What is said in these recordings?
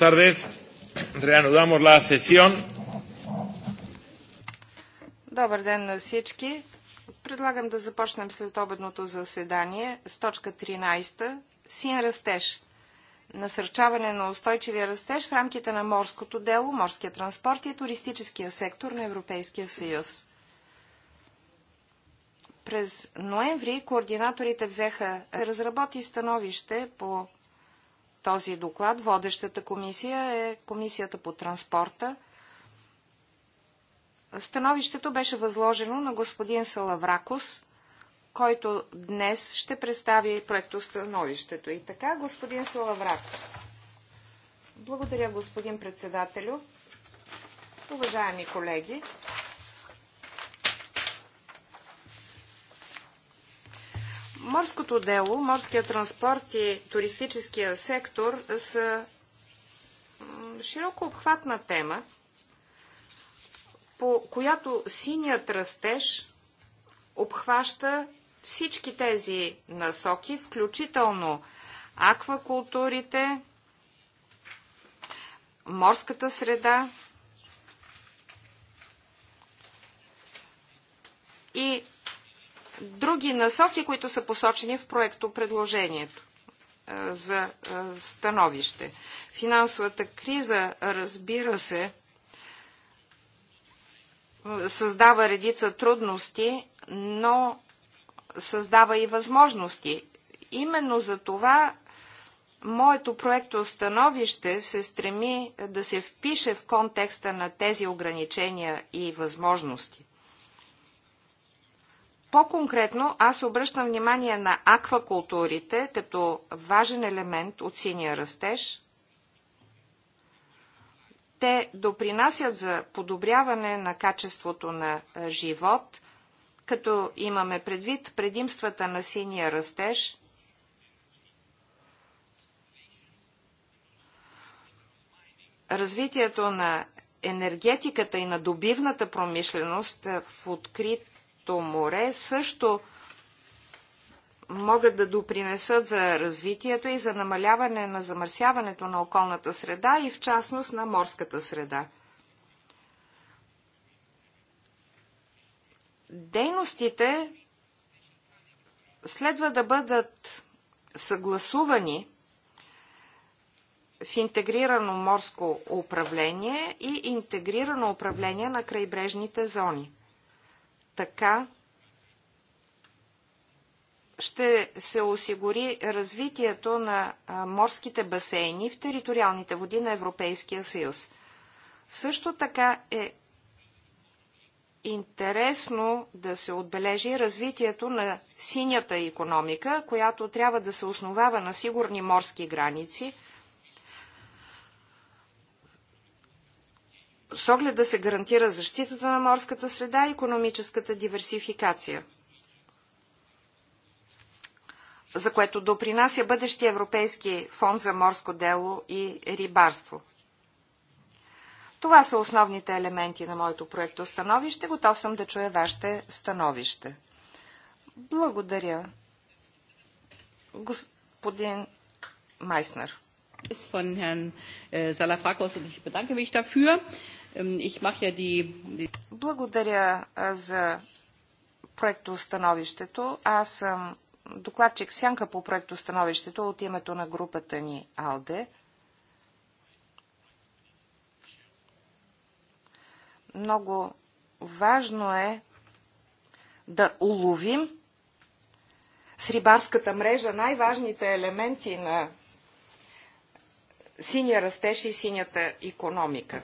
tardes. Reanudamos la sesión. Добър ден на всички. Предлагам да започнем след обедното заседание с точка 13. Син растеж. Насърчаване на устойчивия растеж в рамките на морското дело, морския транспорт и туристическия сектор на Европейския съюз. През ноември координаторите взеха разработи становище по този доклад. Водещата комисия е Комисията по транспорта. Становището беше възложено на господин Салавракус, който днес ще представи проектостановището. И така, господин Салавракус. Благодаря, господин председателю. Уважаеми колеги, Морското дело, морския транспорт и туристическия сектор са широко обхватна тема, по която синият растеж обхваща всички тези насоки, включително аквакултурите, морската среда, други насоки, които са посочени в проекто предложението за становище. Финансовата криза, разбира се, създава редица трудности, но създава и възможности. Именно за това моето проекто становище се стреми да се впише в контекста на тези ограничения и възможности. По-конкретно аз обръщам внимание на аквакултурите като важен елемент от синия растеж. Те допринасят за подобряване на качеството на живот, като имаме предвид предимствата на синия растеж – развитието на енергетиката и на добивната промишленост в открит Черното море също могат да допринесат за развитието и за намаляване на замърсяването на околната среда и в частност на морската среда. Дейностите следва да бъдат съгласувани в интегрирано морско управление и интегрирано управление на крайбрежните зони. Така ще се осигури развитието на морските басейни в териториалните води на Европейския съюз. Също така е интересно да се отбележи развитието на синята економика, която трябва да се основава на сигурни морски граници – с оглед да се гарантира защитата на морската среда и економическата диверсификация, за което допринася бъдещия Европейски фонд за морско дело и рибарство. Това са основните елементи на моето проекто становище. Готов съм да чуя вашето становище. Благодаря. Господин Майснер. Von Herrn э, Salafrakos und ich bedanke mich dafür. Ich mache ja die... Благодаря за проектостановището. Аз съм докладчик в сянка по проектостановището от името на групата ни АЛДЕ. Много важно е да уловим с рибарската мрежа най-важните елементи на синия растеж и синята економика.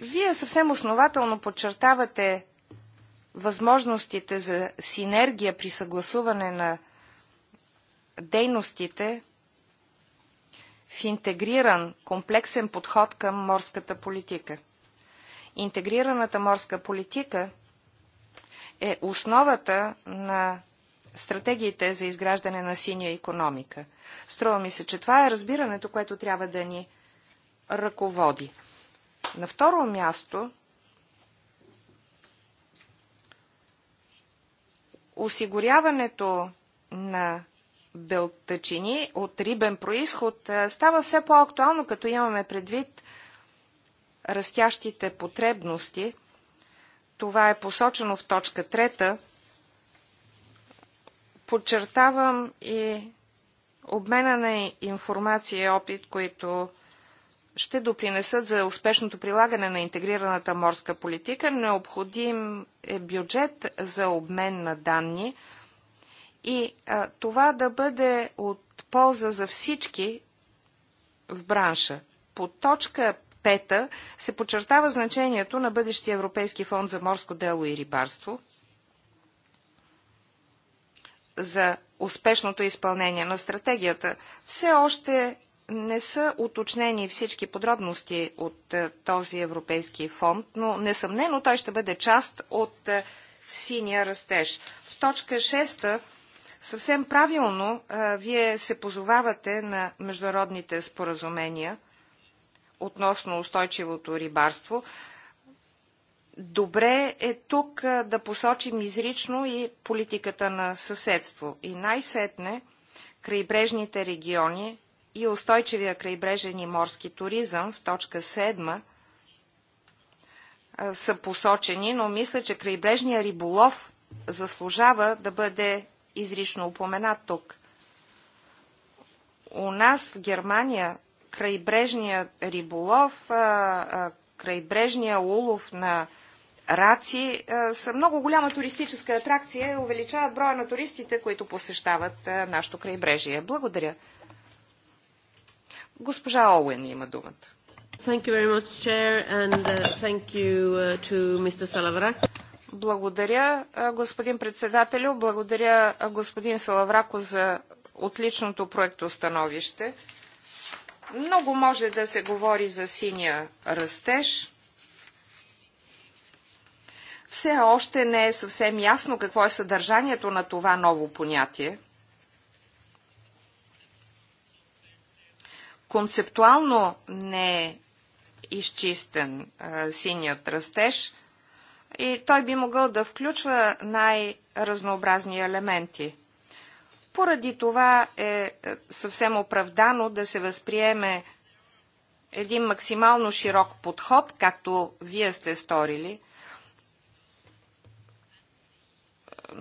Вие съвсем основателно подчертавате възможностите за синергия при съгласуване на дейностите в интегриран комплексен подход към морската политика. Интегрираната морска политика е основата на стратегиите за изграждане на синя економика. Струва ми се, че това е разбирането, което трябва да ни ръководи. На второ място, осигуряването на белтъчини от рибен происход става все по-актуално, като имаме предвид растящите потребности. Това е посочено в точка трета. Подчертавам и обмена на информация и опит, които ще допринесат за успешното прилагане на интегрираната морска политика. Необходим е бюджет за обмен на данни и а, това да бъде от полза за всички в бранша. По точка пета се подчертава значението на бъдещия Европейски фонд за морско дело и рибарство за успешното изпълнение на стратегията. Все още не са уточнени всички подробности от е, този европейски фонд, но несъмнено той ще бъде част от е, синия растеж. В точка 6 съвсем правилно е, вие се позовавате на международните споразумения относно устойчивото рибарство. Добре е тук да посочим изрично и политиката на съседство. И най-сетне крайбрежните региони и устойчивия крайбрежен и морски туризъм в точка 7 са посочени, но мисля, че крайбрежният риболов заслужава да бъде изрично упоменат тук. У нас в Германия крайбрежният риболов, крайбрежният улов на раци са много голяма туристическа атракция и увеличават броя на туристите, които посещават нашето крайбрежие. Благодаря. Госпожа Оуен има думата. Much, Chair, uh, you, uh, благодаря, господин председателю. Благодаря, господин Салаврако, за отличното проекто становище. Много може да се говори за синия растеж. Все още не е съвсем ясно какво е съдържанието на това ново понятие. концептуално не е изчистен а, синият растеж и той би могъл да включва най-разнообразни елементи. Поради това е, е съвсем оправдано да се възприеме един максимално широк подход, както вие сте сторили,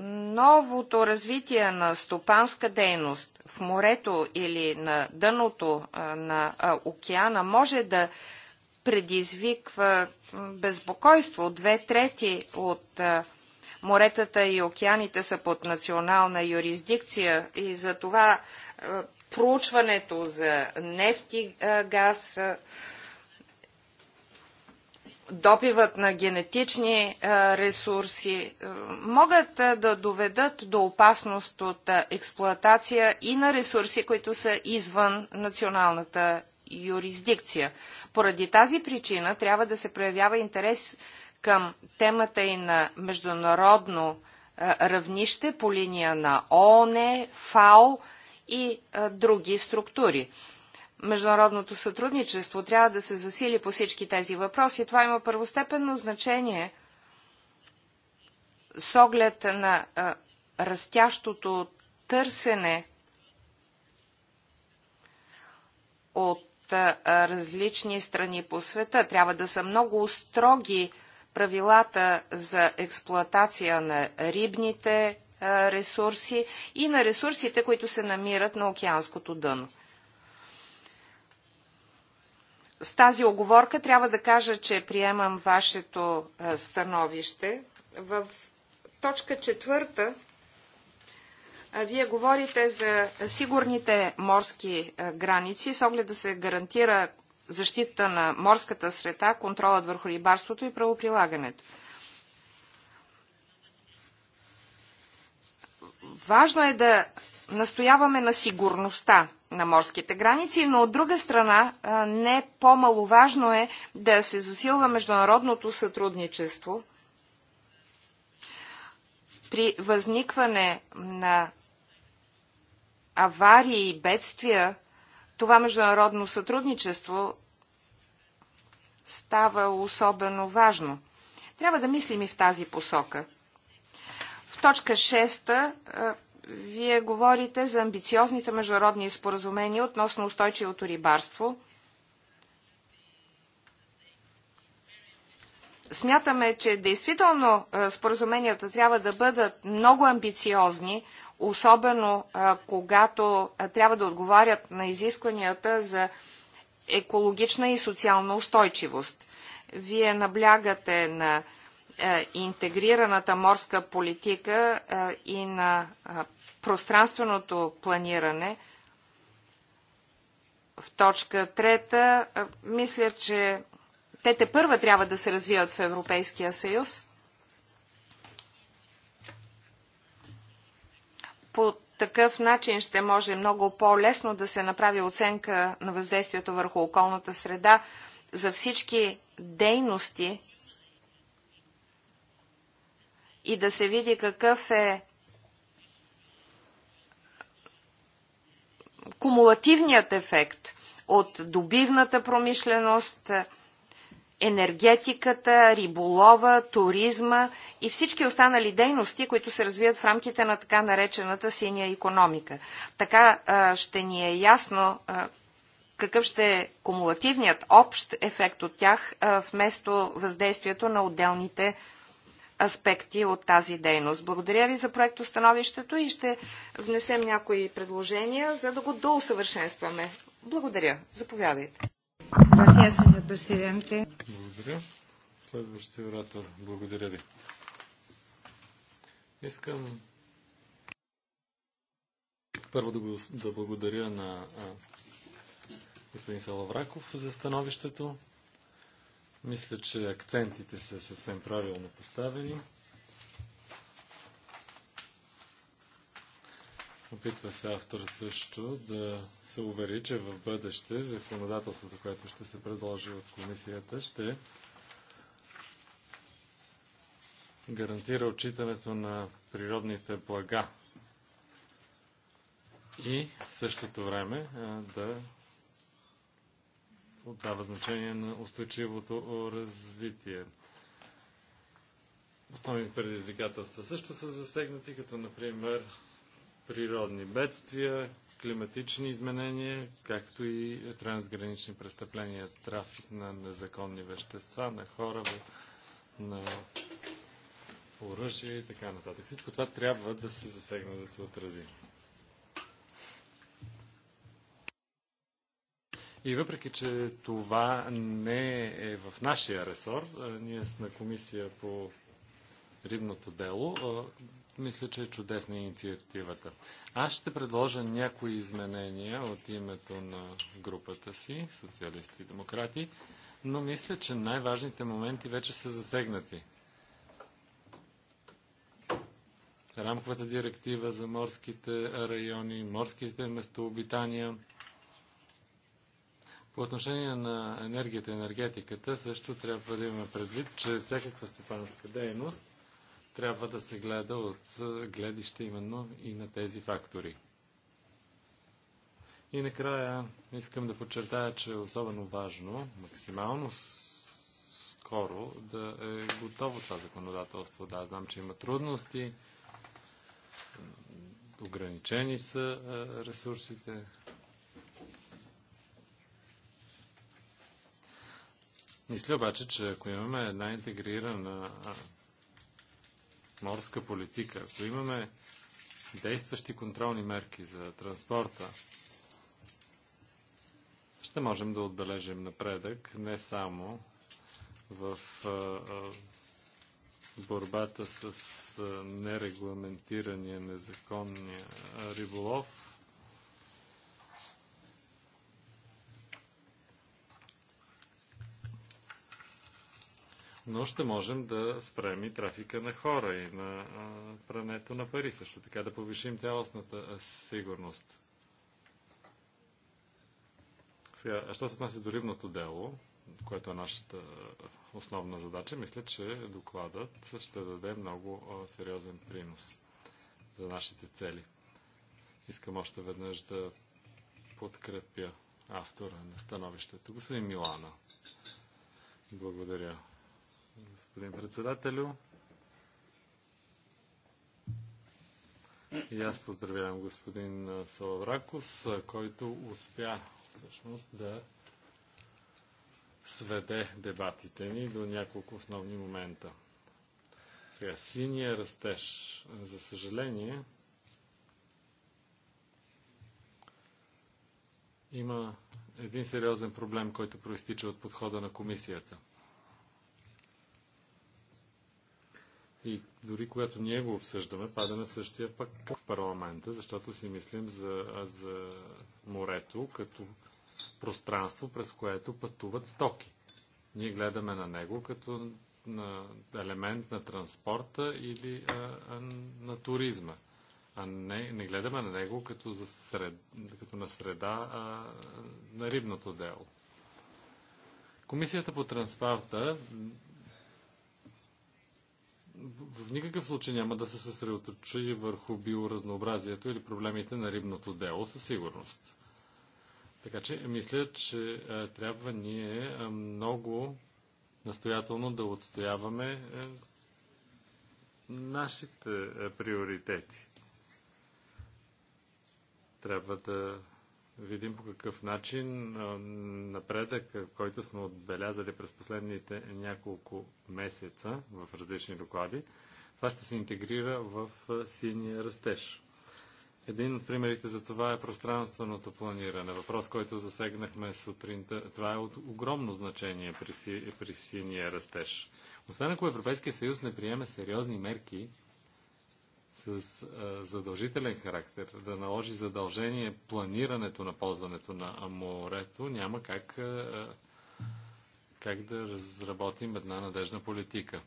новото развитие на стопанска дейност в морето или на дъното на океана може да предизвиква безпокойство. Две трети от моретата и океаните са под национална юрисдикция и за това проучването за нефти, газ, Допивът на генетични е, ресурси е, могат е, да доведат до опасност от експлоатация и на ресурси, които са извън националната юрисдикция. Поради тази причина трябва да се проявява интерес към темата и на международно равнище по линия на ООН, ФАО и други структури международното сътрудничество трябва да се засили по всички тези въпроси. Това има първостепенно значение с оглед на растящото търсене от различни страни по света. Трябва да са много строги правилата за експлоатация на рибните ресурси и на ресурсите, които се намират на океанското дъно с тази оговорка трябва да кажа, че приемам вашето е, становище. В точка четвърта е, вие говорите за сигурните морски е, граници с оглед да се гарантира защита на морската среда, контролът върху рибарството и правоприлагането. Важно е да настояваме на сигурността на морските граници, но от друга страна не по-маловажно е да се засилва международното сътрудничество при възникване на аварии и бедствия, това международно сътрудничество става особено важно. Трябва да мислим и в тази посока. В точка 6 вие говорите за амбициозните международни споразумения относно устойчивото рибарство. Смятаме, че действително споразуменията трябва да бъдат много амбициозни, особено когато трябва да отговарят на изискванията за екологична и социална устойчивост. Вие наблягате на интегрираната морска политика и на пространственото планиране, в точка трета, мисля, че те те първа трябва да се развият в Европейския съюз. По такъв начин ще може много по-лесно да се направи оценка на въздействието върху околната среда за всички дейности и да се види какъв е кумулативният ефект от добивната промишленост, енергетиката, риболова, туризма и всички останали дейности, които се развият в рамките на така наречената синя економика. Така ще ни е ясно какъв ще е кумулативният общ ефект от тях вместо въздействието на отделните аспекти от тази дейност. Благодаря ви за становището и ще внесем някои предложения, за да го доусъвършенстваме. Благодаря. Заповядайте. Благодаря. Следващия оратор. Благодаря ви. Искам първо да, го, да благодаря на а, господин Салавраков за становището. Мисля, че акцентите са съвсем правилно поставени. Опитва се автор също да се увери, че в бъдеще законодателството, което ще се предложи от комисията, ще гарантира отчитането на природните блага и в същото време да отдава значение на устойчивото развитие. Основни предизвикателства също са засегнати, като например природни бедствия, климатични изменения, както и трансгранични престъпления, трафик на незаконни вещества, на хора, на оръжие и така нататък. Всичко това трябва да се засегне, да се отрази. И въпреки, че това не е в нашия ресор, ние сме комисия по рибното дело, мисля, че е чудесна инициативата. Аз ще предложа някои изменения от името на групата си, социалисти и демократи, но мисля, че най-важните моменти вече са засегнати. Рамковата директива за морските райони, морските местообитания – по отношение на енергията и енергетиката, също трябва да имаме предвид, че всякаква стопанска дейност трябва да се гледа от гледище именно и на тези фактори. И накрая искам да подчертая, че е особено важно максимално скоро да е готово това законодателство. Да, знам, че има трудности, ограничени са ресурсите, Мисля обаче, че ако имаме една интегрирана морска политика, ако имаме действащи контролни мерки за транспорта, ще можем да отбележим напредък не само в борбата с нерегламентирания, незаконния риболов, но ще можем да спрем и трафика на хора и на прането на пари също така, да повишим цялостната сигурност. Сега, що се отнася до рибното дело, което е нашата основна задача, мисля, че докладът ще даде много сериозен принос за нашите цели. Искам още веднъж да подкрепя автора на становището, господин Милана. Благодаря, господин председателю. И аз поздравявам господин Салавракос, който успя всъщност да сведе дебатите ни до няколко основни момента. Сега, синия растеж. За съжаление, има един сериозен проблем, който проистича от подхода на комисията. И дори когато ние го обсъждаме, падаме в същия пък в парламента, защото си мислим за, за морето като пространство, през което пътуват стоки. Ние гледаме на него като на елемент на транспорта или а, а, на туризма. А не, не гледаме на него като, за сред, като на среда а, на рибното дело. Комисията по транспорта в никакъв случай няма да се съсредоточи върху биоразнообразието или проблемите на рибното дело със сигурност. Така че мисля, че а, трябва ние а, много настоятелно да отстояваме а, е, нашите е, приоритети. Трябва да видим по какъв начин напредък, който сме отбелязали през последните няколко месеца в различни доклади, това ще се интегрира в синия растеж. Един от примерите за това е пространственото планиране. Въпрос, който засегнахме сутринта. Това е от огромно значение при, си, при синия растеж. Освен ако Европейския съюз не приеме сериозни мерки с а, задължителен характер, да наложи задължение планирането на ползването на морето, няма как, а, как да разработим една надежна политика.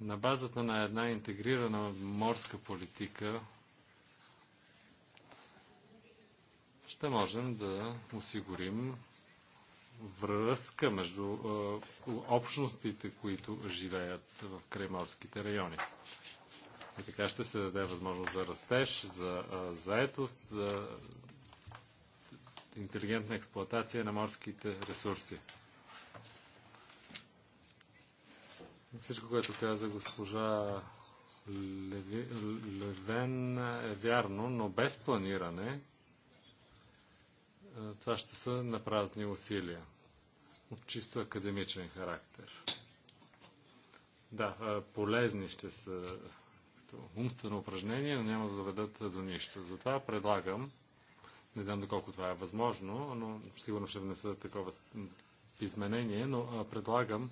На базата на една интегрирана морска политика ще можем да осигурим връзка между а, общностите, които живеят в крайморските райони. И така ще се даде възможност за растеж, за заетост, за интелигентна експлоатация на морските ресурси. Всичко, което каза госпожа Левен е вярно, но без планиране това ще са напразни усилия от чисто академичен характер. Да, полезни ще са умствено упражнение, но няма да доведат до нищо. Затова предлагам, не знам доколко това е възможно, но сигурно ще внеса такова изменение, но предлагам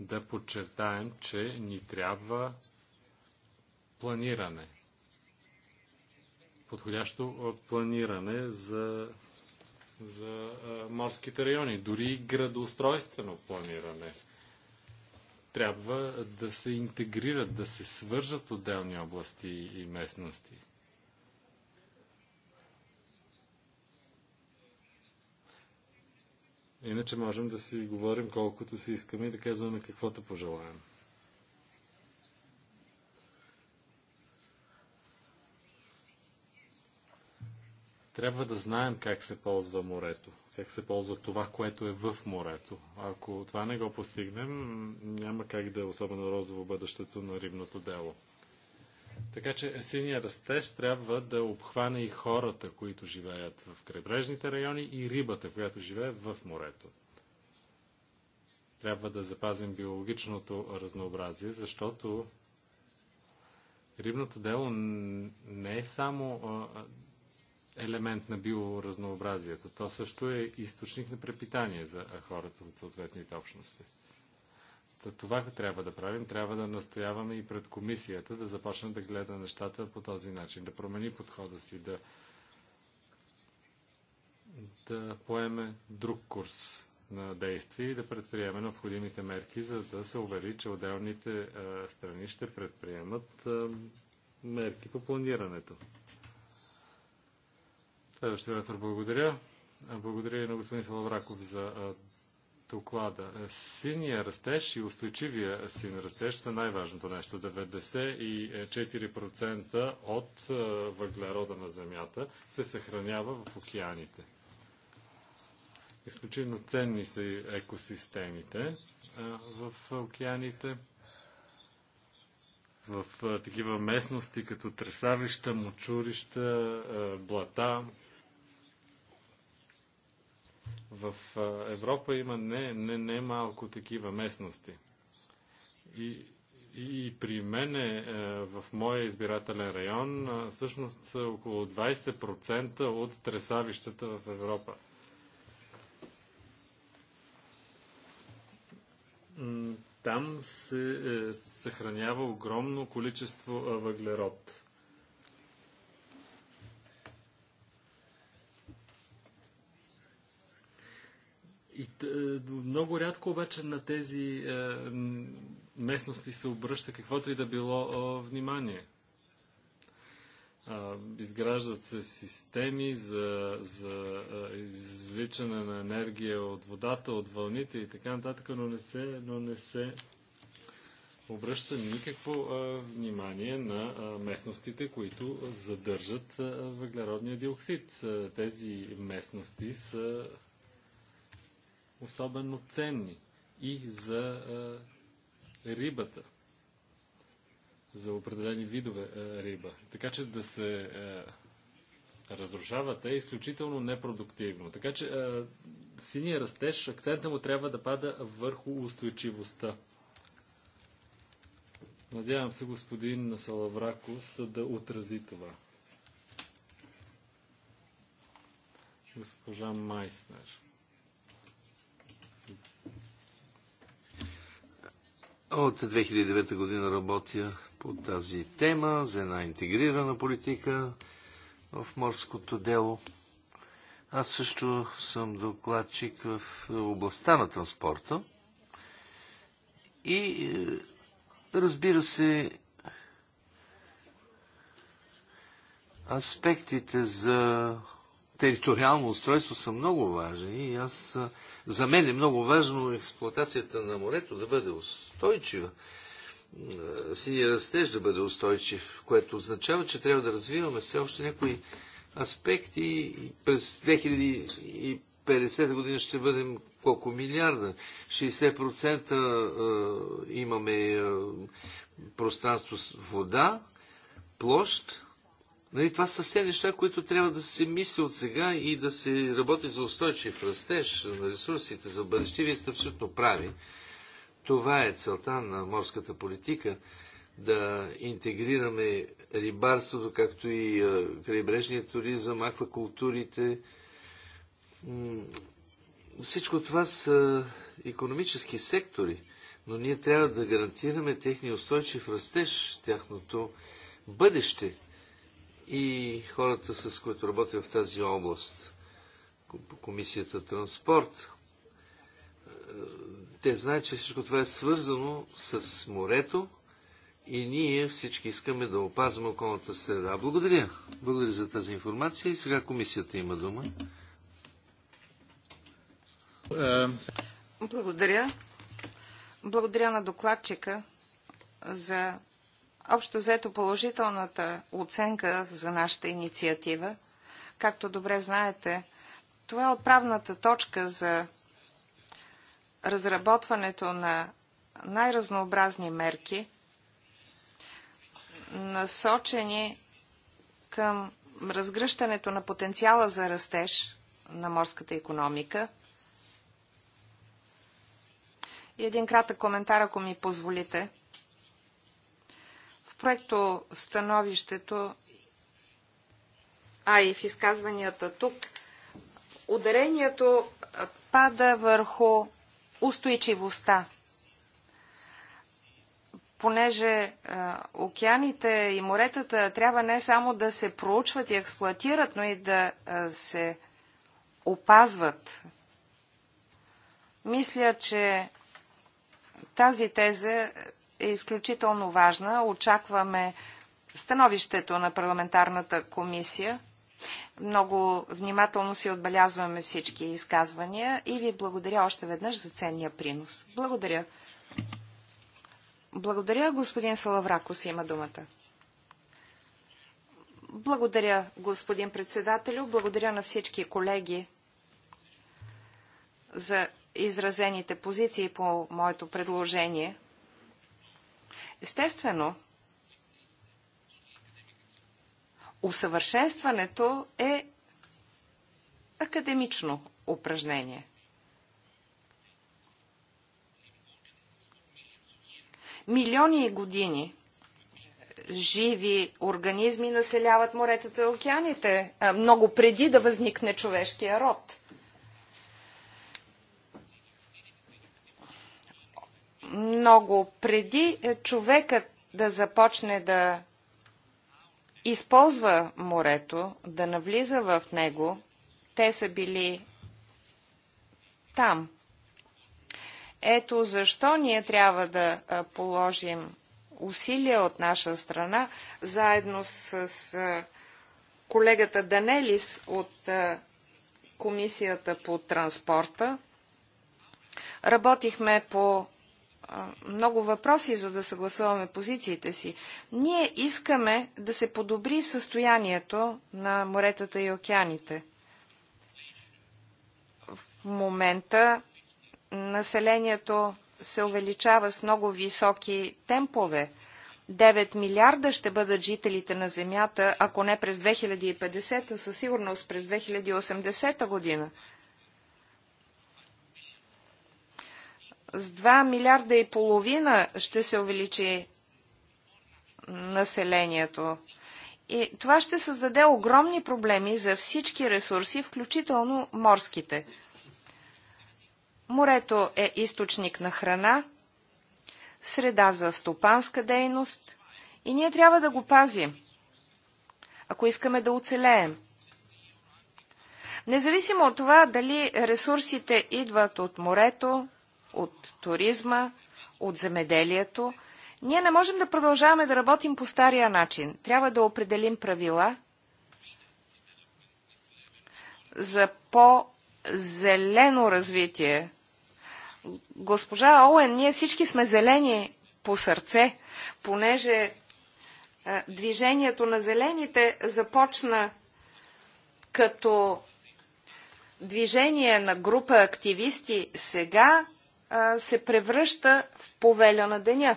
да подчертаем, че ни трябва планиране. Подходящо планиране за, за морските райони, дори и градоустройствено планиране трябва да се интегрират, да се свържат отделни области и местности. Иначе можем да си говорим колкото си искаме и да казваме каквото пожелаем. Трябва да знаем как се ползва морето как се ползва това, което е в морето. Ако това не го постигнем, няма как да е особено розово бъдещето на рибното дело. Така че синия растеж трябва да обхване и хората, които живеят в крайбрежните райони и рибата, която живее в морето. Трябва да запазим биологичното разнообразие, защото рибното дело не е само елемент на биоразнообразието. То също е източник на препитание за хората от съответните общности. Това трябва да правим. Трябва да настояваме и пред комисията да започне да гледа нещата по този начин, да промени подхода си, да, да поеме друг курс на действие и да предприеме необходимите мерки, за да се увери, че отделните а, страни ще предприемат а, мерки по планирането. Следващия оратор благодаря. Благодаря и на господин Салавраков за доклада. Синия растеж и устойчивия син растеж са най-важното нещо. 94% от въглерода на Земята се съхранява в океаните. Изключително ценни са екосистемите в океаните. В такива местности като тресавища, мочурища, блата, в Европа има не, не, не малко такива местности. И, и при мен е, в моя избирателен район всъщност са около 20% от тресавищата в Европа. Там се е, съхранява огромно количество въглерод. И е, много рядко обаче на тези е, местности се обръща каквото и да било е, внимание. Е, изграждат се системи за, за е, извличане на енергия от водата, от вълните и така нататък, но не се, но не се обръща никакво е, внимание на местностите, които задържат въглеродния диоксид. Тези местности са особено ценни и за а, рибата, за определени видове а, риба. Така че да се а, разрушават е изключително непродуктивно. Така че а, синия растеж, акцента му трябва да пада върху устойчивостта. Надявам се, господин Салавракос, да отрази това. Госпожа Майснер. От 2009 година работя по тази тема за една интегрирана политика в морското дело. Аз също съм докладчик в областта на транспорта. И е, разбира се, аспектите за териториално устройство са много важни и аз, за мен е много важно експлуатацията на морето да бъде устойчива. Синия растеж да бъде устойчив, което означава, че трябва да развиваме все още някои аспекти и през 2050 година ще бъдем колко милиарда. 60% имаме пространство с вода, площ, Нали, това са все неща, които трябва да се мисли от сега и да се работи за устойчив растеж на ресурсите за бъдеще. Вие сте абсолютно прави. Това е целта на морската политика да интегрираме рибарството, както и крайбрежния туризъм, аквакултурите. Всичко това са економически сектори, но ние трябва да гарантираме техния устойчив растеж, тяхното бъдеще и хората, с които работя в тази област, комисията Транспорт, те знаят, че всичко това е свързано с морето и ние всички искаме да опазваме околната среда. Благодаря. Благодаря за тази информация и сега комисията има дума. Благодаря. Благодаря на докладчика за Общо взето положителната оценка за нашата инициатива, както добре знаете, това е отправната точка за разработването на най-разнообразни мерки, насочени към разгръщането на потенциала за растеж на морската економика. И един кратък коментар, ако ми позволите – проекто становището, а и в изказванията тук, ударението пада върху устойчивостта. Понеже а, океаните и моретата трябва не само да се проучват и експлуатират, но и да а, се опазват. Мисля, че тази теза е изключително важна. Очакваме становището на парламентарната комисия. Много внимателно си отбелязваме всички изказвания и ви благодаря още веднъж за ценния принос. Благодаря. Благодаря, господин Салавракос има думата. Благодаря, господин председателю. Благодаря на всички колеги за изразените позиции по моето предложение. Естествено, усъвършенстването е академично упражнение. Милиони години живи организми населяват моретата и океаните, много преди да възникне човешкия род – много преди е, човекът да започне да използва морето, да навлиза в него, те са били там. Ето защо ние трябва да е, положим усилия от наша страна, заедно с е, колегата Данелис от Комисията по транспорта. Работихме по много въпроси, за да съгласуваме позициите си. Ние искаме да се подобри състоянието на моретата и океаните. В момента населението се увеличава с много високи темпове. 9 милиарда ще бъдат жителите на Земята, ако не през 2050, със сигурност през 2080 година. С 2 милиарда и половина ще се увеличи населението. И това ще създаде огромни проблеми за всички ресурси, включително морските. Морето е източник на храна, среда за стопанска дейност и ние трябва да го пазим, ако искаме да оцелеем. Независимо от това дали ресурсите идват от морето от туризма, от земеделието. Ние не можем да продължаваме да работим по стария начин. Трябва да определим правила за по-зелено развитие. Госпожа Оуен, ние всички сме зелени по сърце, понеже е, движението на зелените започна като движение на група активисти. Сега се превръща в повеля на деня.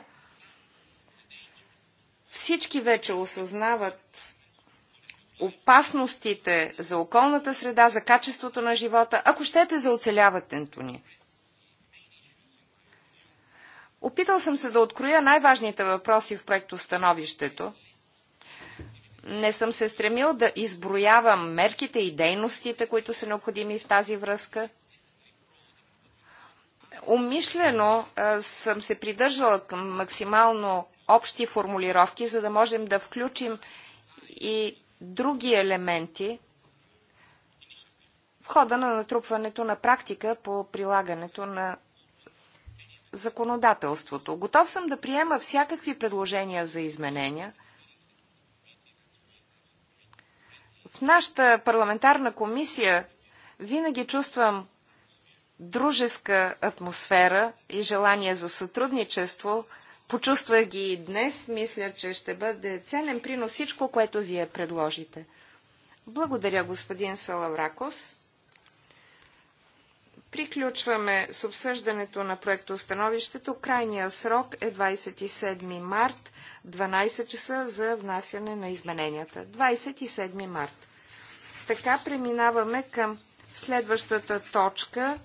Всички вече осъзнават опасностите за околната среда, за качеството на живота, ако щете за оцеляването ни. Опитал съм се да откроя най-важните въпроси в проекто становището. Не съм се стремил да изброявам мерките и дейностите, които са необходими в тази връзка – Умишлено съм се придържала към максимално общи формулировки, за да можем да включим и други елементи в хода на натрупването на практика по прилагането на законодателството. Готов съм да приема всякакви предложения за изменения. В нашата парламентарна комисия винаги чувствам дружеска атмосфера и желание за сътрудничество. Почувствах ги и днес. Мисля, че ще бъде ценен принос всичко, което вие предложите. Благодаря, господин Салавракос. Приключваме с обсъждането на Становището. Крайният срок е 27 март, 12 часа за внасяне на измененията. 27 март. Така преминаваме към следващата точка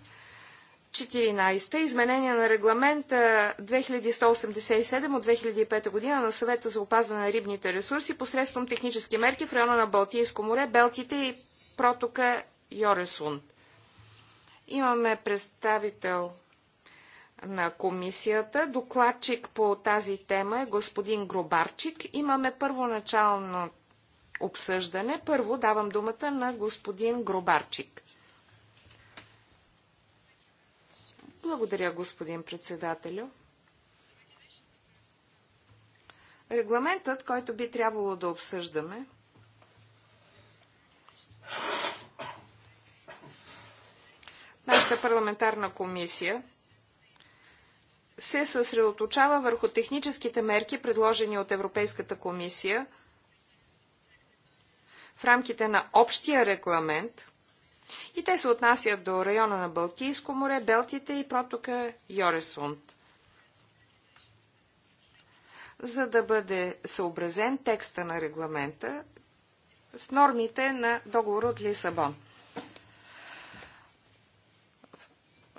14. Изменение на регламента 2187 от 2005 година на съвета за опазване на рибните ресурси посредством технически мерки в района на Балтийско море, Белтите и протока Йоресун. Имаме представител на комисията. Докладчик по тази тема е господин Гробарчик. Имаме първоначално обсъждане. Първо давам думата на господин Гробарчик. Благодаря, господин председателю. Регламентът, който би трябвало да обсъждаме, нашата парламентарна комисия се съсредоточава върху техническите мерки, предложени от Европейската комисия в рамките на общия регламент – и те се отнасят до района на Балтийско море, Белтите и протока Йоресунд. За да бъде съобразен текста на регламента с нормите на договор от Лисабон.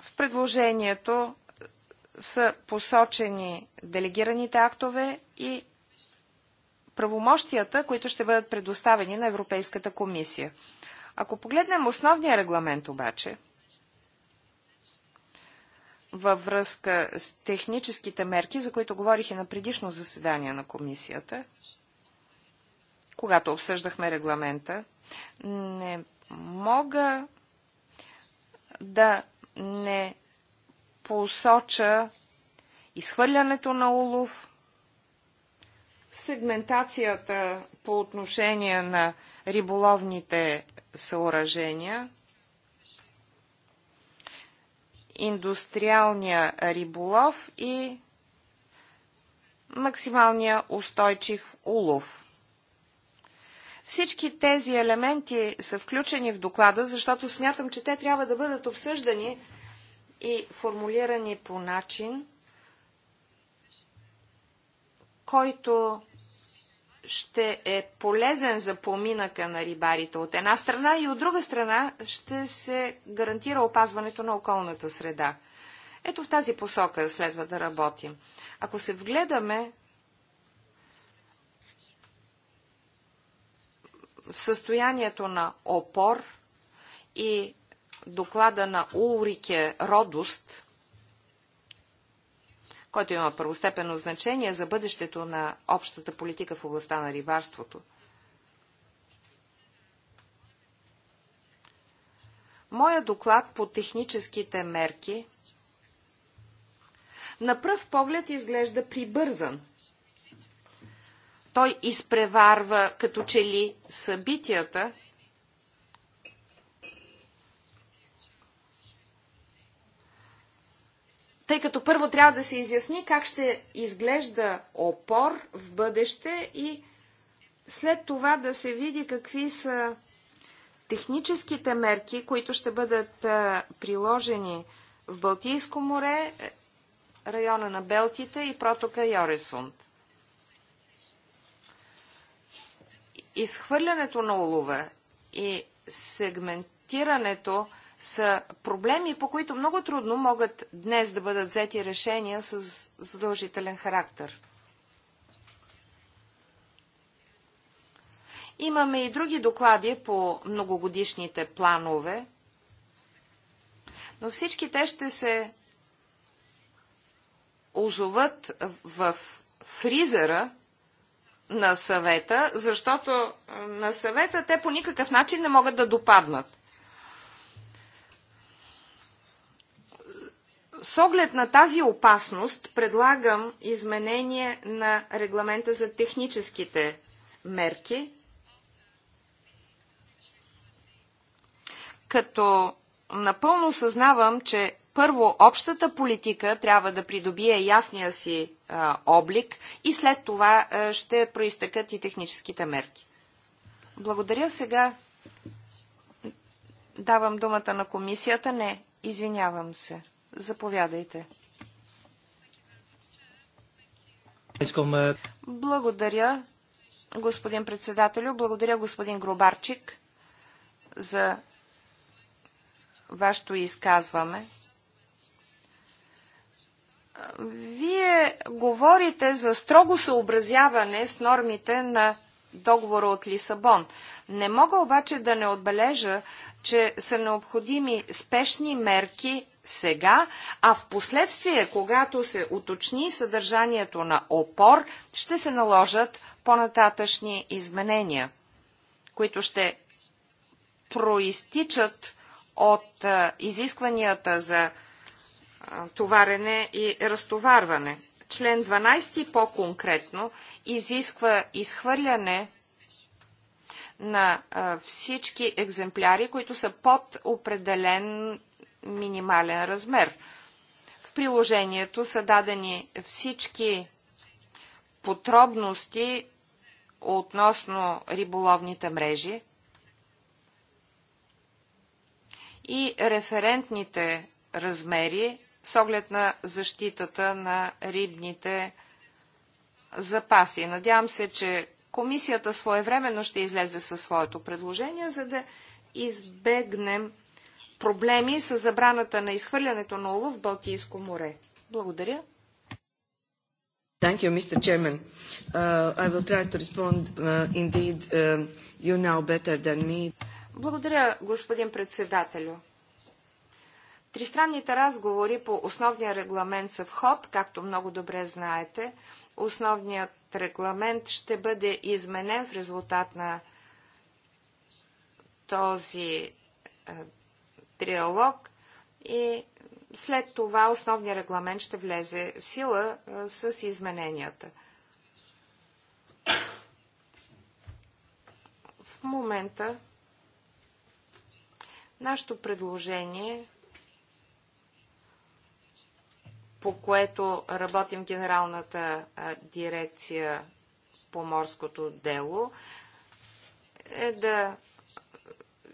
В предложението са посочени делегираните актове и правомощията, които ще бъдат предоставени на Европейската комисия. Ако погледнем основния регламент обаче, във връзка с техническите мерки, за които говорих и на предишно заседание на комисията, когато обсъждахме регламента, не мога да не посоча изхвърлянето на улов, сегментацията по отношение на риболовните съоръжения. Индустриалния риболов и максималния устойчив улов. Всички тези елементи са включени в доклада, защото смятам, че те трябва да бъдат обсъждани и формулирани по начин, който ще е полезен за поминъка на рибарите от една страна и от друга страна ще се гарантира опазването на околната среда. Ето в тази посока следва да работим. Ако се вгледаме в състоянието на опор и доклада на Улрике Родост, който има първостепенно значение за бъдещето на общата политика в областта на рибарството. Моя доклад по техническите мерки на пръв поглед изглежда прибързан. Той изпреварва като че ли събитията тъй като първо трябва да се изясни как ще изглежда опор в бъдеще и след това да се види какви са техническите мерки, които ще бъдат приложени в Балтийско море, е, района на Белтите и протока Йоресунд. Изхвърлянето на улова и сегментирането са проблеми, по които много трудно могат днес да бъдат взети решения с задължителен характер. Имаме и други доклади по многогодишните планове, но всички те ще се озоват в фризера на съвета, защото на съвета те по никакъв начин не могат да допаднат. С оглед на тази опасност предлагам изменение на регламента за техническите мерки, като напълно съзнавам, че първо общата политика трябва да придобие ясния си а, облик и след това а, ще проистъкат и техническите мерки. Благодаря сега. Давам думата на комисията. Не, извинявам се. Заповядайте. Искам... Е, Благодаря, господин председателю. Благодаря, господин Гробарчик, за вашето изказване. Вие говорите за строго съобразяване с нормите на договора от Лисабон. Не мога обаче да не отбележа, че са необходими спешни мерки сега, а в последствие, когато се уточни съдържанието на опор, ще се наложат по-нататъчни изменения, които ще проистичат от изискванията за товарене и разтоварване. Член 12 по-конкретно изисква изхвърляне на всички екземпляри, които са под определен минимален размер. В приложението са дадени всички подробности относно риболовните мрежи и референтните размери с оглед на защитата на рибните запаси. Надявам се, че комисията своевременно ще излезе със своето предложение, за да избегнем проблеми с забраната на изхвърлянето на улов в Балтийско море? Благодаря. Thank you, Mr. Chairman. Uh, I will try to respond. Uh, indeed, uh, you know better than me. Благодаря, господин председателю. Тристранните разговори по основния регламент са в ход, както много добре знаете. Основният регламент ще бъде изменен в резултат на този е, триалог и след това основният регламент ще влезе в сила с измененията. В момента нашето предложение, по което работим в Генералната дирекция по морското дело, е да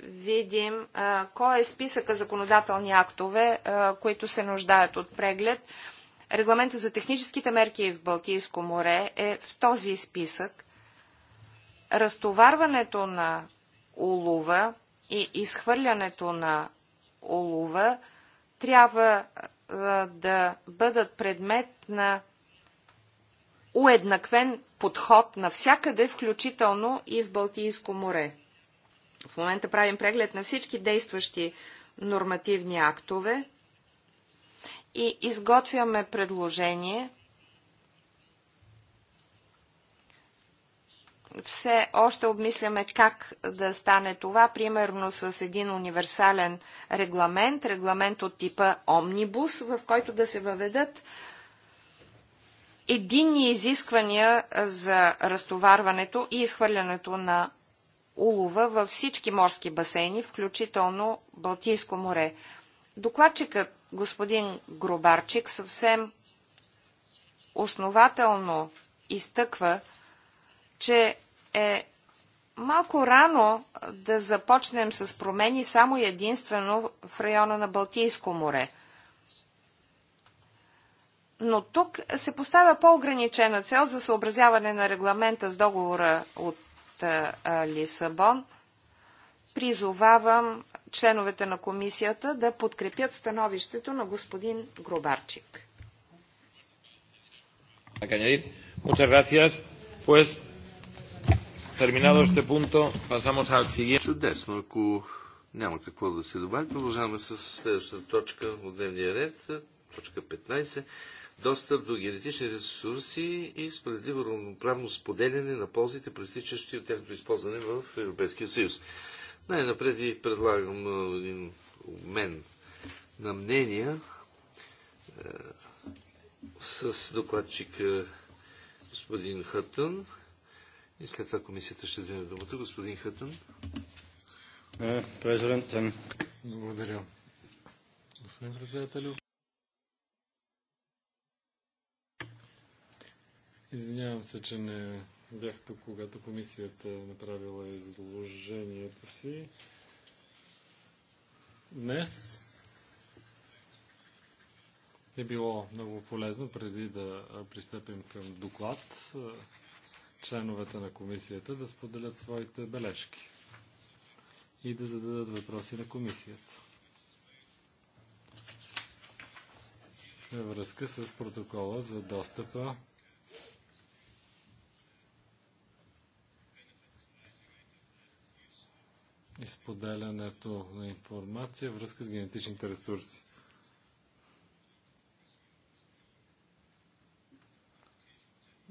видим а, кой е списъка законодателни актове, а, които се нуждаят от преглед. Регламента за техническите мерки в Балтийско море е в този списък. Разтоварването на улова и изхвърлянето на улова трябва а, да бъдат предмет на уеднаквен подход навсякъде, включително и в Балтийско море. В момента правим преглед на всички действащи нормативни актове и изготвяме предложение. Все още обмисляме как да стане това, примерно с един универсален регламент, регламент от типа Омнибус, в който да се въведат единни изисквания за разтоварването и изхвърлянето на улова във всички морски басейни, включително Балтийско море. Докладчикът господин Гробарчик съвсем основателно изтъква, че е малко рано да започнем с промени само единствено в района на Балтийско море. Но тук се поставя по-ограничена цел за съобразяване на регламента с договора от проекта Лисабон, призовавам членовете на комисията да подкрепят становището на господин Гробарчик. Чудесно, ако няма какво да се добави, продължаваме с следващата точка от дневния ред, точка 15 достъп до генетични ресурси и справедливо равноправно споделяне на ползите, проистичащи от тяхното използване в Европейския съюз. Най-напред ви предлагам един обмен на мнения е, с докладчик господин Хътън и след това комисията ще вземе думата. Господин Хътън. Е, президент, Благодаря. Господин председателю, Извинявам се, че не бях тук, когато комисията направила изложението си. Днес е било много полезно преди да пристъпим към доклад членовете на комисията да споделят своите бележки и да зададат въпроси на комисията. Във връзка с протокола за достъпа Изподелянето на информация връзка с генетичните ресурси.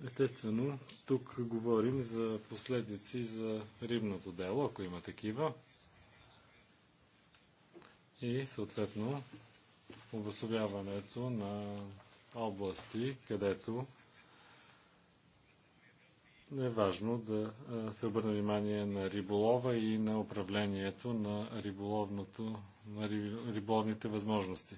Естествено, тук говорим за последици за рибното дело, ако има такива. И съответно обособяването на области, където е важно да се обърне внимание на риболова и на управлението на, риболовното, на риболовните възможности.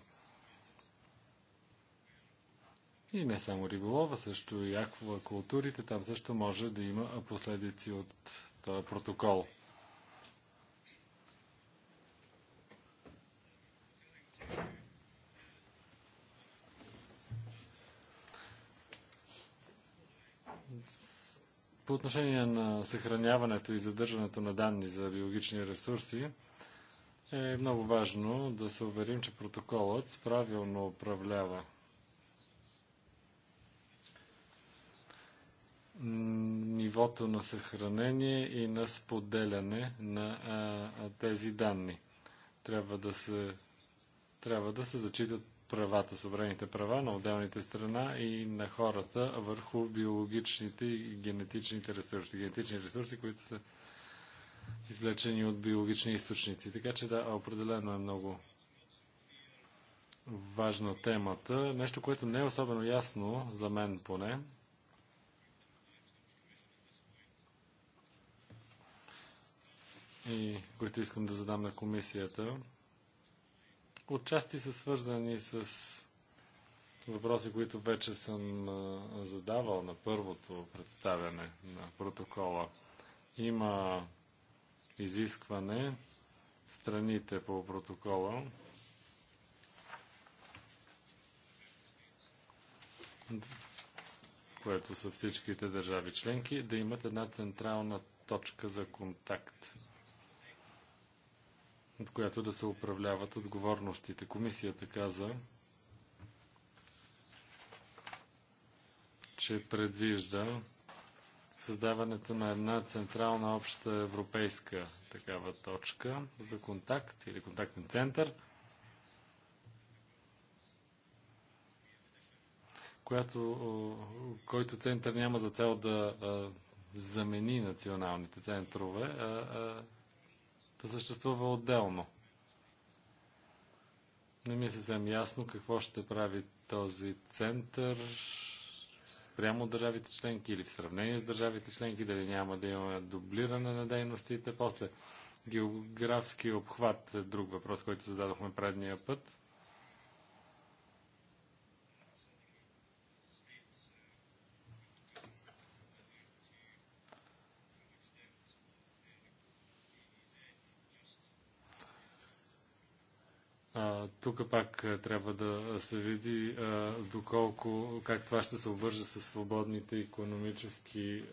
И не само риболова, също и аквакултурите, там също може да има последици от този протокол. По отношение на съхраняването и задържането на данни за биологични ресурси, е много важно да се уверим, че протоколът правилно управлява нивото на съхранение и на споделяне на а, тези данни. Трябва да се, трябва да се зачитат правата, съвременните права на отделните страна и на хората върху биологичните и генетичните ресурси. Генетични ресурси, които са извлечени от биологични източници. Така че да, определено е много важна темата. Нещо, което не е особено ясно, за мен поне, и което искам да задам на комисията, отчасти са свързани с въпроси, които вече съм задавал на първото представяне на протокола. Има изискване страните по протокола което са всичките държави членки, да имат една централна точка за контакт от която да се управляват отговорностите. Комисията каза, че предвижда създаването на една централна обща европейска такава точка за контакт или контактен център, която, който център няма за цел да замени националните центрове, а, а да съществува отделно. Не ми е съвсем ясно какво ще прави този център спрямо държавите членки или в сравнение с държавите членки, дали няма да имаме дублиране на дейностите. После географски обхват е друг въпрос, който зададохме предния път. Тук пак трябва да се види доколко, как това ще се обвърже с свободните економически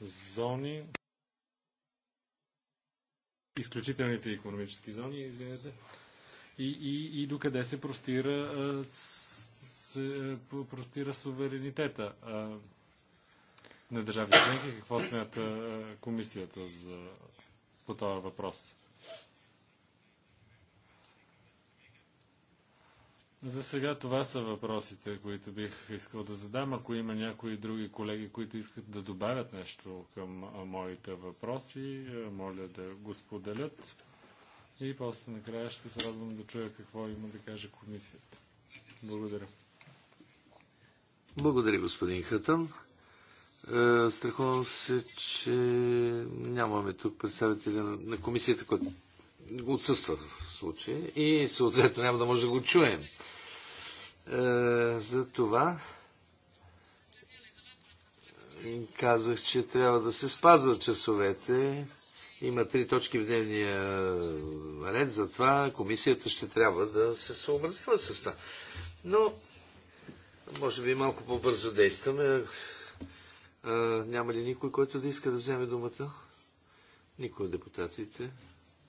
зони. Изключителните економически зони, извинете. И, и, и докъде се простира, се, простира суверенитета на държавите членки. Какво смята комисията за, по този въпрос? За сега това са въпросите, които бих искал да задам. Ако има някои други колеги, които искат да добавят нещо към моите въпроси, моля да го споделят. И после накрая ще се радвам да чуя какво има да каже комисията. Благодаря. Благодаря, господин Хатън. Е, страхувам се, че нямаме тук представителя на комисията, който отсъства в случая и съответно няма да може да го чуем. Е, за това казах, че трябва да се спазват часовете. Има три точки в дневния ред, затова комисията ще трябва да се съобразява с това. Но, може би малко по-бързо действаме. А, е, няма ли никой, който да иска да вземе думата? Никой от депутатите.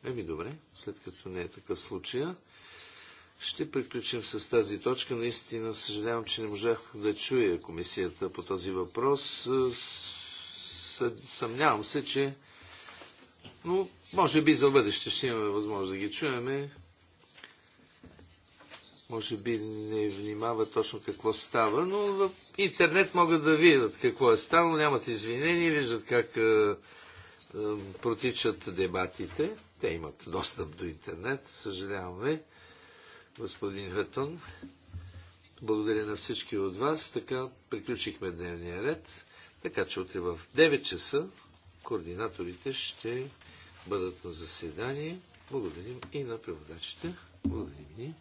Еми добре, след като не е такъв случая. Ще приключим с тази точка. Наистина съжалявам, че не можах да чуя комисията по този въпрос. Съмнявам се, че... Но може би за бъдеще ще имаме възможност да ги чуеме. Може би не внимава точно какво става, но в интернет могат да видят какво е станало, нямат извинения, виждат как а, е, а, е, протичат дебатите. Те имат достъп до интернет, съжаляваме господин Хътън. Благодаря на всички от вас. Така приключихме дневния ред. Така че утре в 9 часа координаторите ще бъдат на заседание. Благодарим и на преводачите. Благодарим ни.